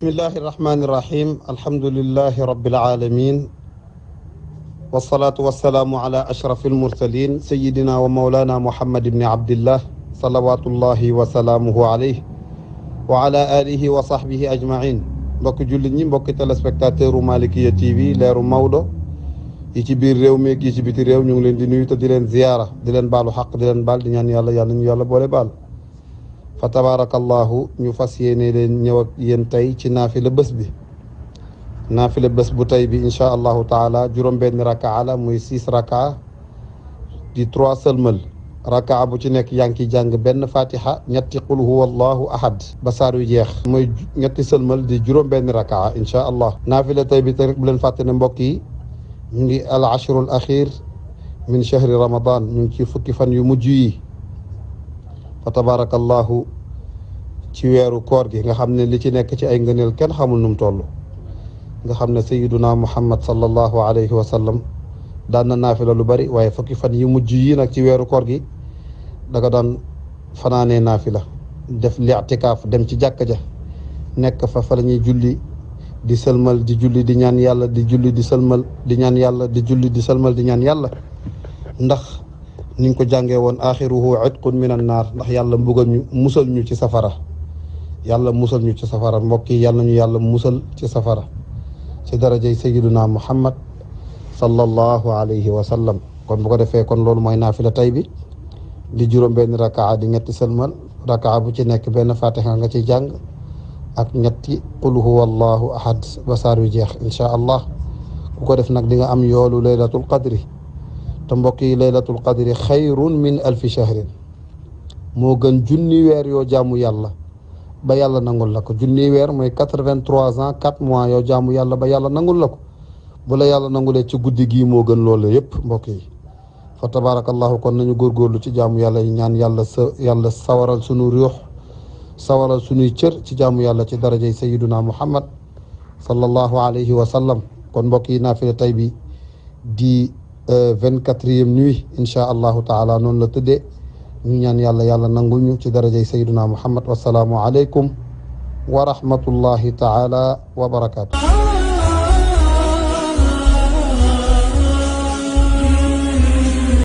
بسم الله الرحمن الرحيم الحمد لله رب العالمين والصلاة والسلام على أشرف المرسلين سيدنا ومولانا محمد بن عبد الله صلوات الله وسلامه عليه وعلى آله وصحبه أجمعين بك جلني بك تلسبكتاتير مالكية تي لير مودو يجي بير ريو ميك يجي بير ريو نيو لين دي نيو تدي لين زيارة دي لين بالو حق دي لين بال دي نيان يالا يالا يالا بولي بال fa tabaarakallaahu ñu fas yéene leen ñëw ak yéen tey ci naafila bés bi naafila bés bu tey bi incha allahu taala juróom-benn rakaa la muy six rakaa di trois sëlmal rakaa bu ci nekk yaa ngi ciy jàng benn fatiha ñetti qul huwa allahu ahad ba saar yu jeex muy ñetti sëlmal di juróom-benn rakaa incha allah naafila tey bi te rek bu leen fàtte ne mbokk yi ñu ngi al ashrul axir min chahri ramadan ñu ngi ci fukki fan yu mujj yi fa tabarakallahu ci weeru koor gi nga xam ne li ci nekk ci ay ngëneel kenn xamul nu mu toll nga xam ne sayiduna muhammad sallallahu alayhi wa sallam daan na naafila lu bari waaye fokki fan yi mujj yi nag ci weeru koor gi da ko daan fanaanee naafila def li'tikaaf dem ci jàkk ja nekk fa fa la julli di sëlmal di julli di ñaan yàlla di julli di sëlmal di ñaan yàlla di julli di sëlmal di ñaan yàlla ndax niñ ko jàngee woon axiruhu itqun min an naar ndax yàlla mbugal ñu musal ñu ci safara yàlla musal ñu ci safara mbokk yi yàlla ñu yàlla musal ci safara ci darajay sayyiduna muhammad sallallahu alayhi wa sallam kon bu ko defee kon loolu mooy naafila tay bi di juróom benn rakaa di ñetti sëlmal rakaa bu ci nekk benn fatiha nga ci jàng ak ñetti qul huwa allahu ahad ba saar wi jeex inchaa allah ku ko def nag di nga am yoolu laylatul qadri te mbokk yi laylatul qadri xayrun min alfi shahrin moo gën junni weer yoo jaamu yàlla ba yàlla nangul la ko junniy weer mooy quatre-vingt-trois ans quatre mois yow jaamu yàlla ba yàlla nangul la ko bu la yàlla nangulee ci guddi gii moo gën loolu yëpp mbokk yi fa tabaarakallahu kon nañu góorgóorlu ci jaamu yàlla yi ñaan yàlla sa yàlla sawaral sunu ruux sawaral cër ci jaamu yàlla ci darajay sayiduna muhammad sallallahu alayhi wa sallam kon mbokk yi naafila tay bi di euh, vingt-quatrième nuit inchaa allahu taala noonu la tëddee ñu ñaan yàlla yàlla nanguñu ci darajay sayyiduna muhammad wasalaamu aleykum wa rahmatullahi taala wa barakaatu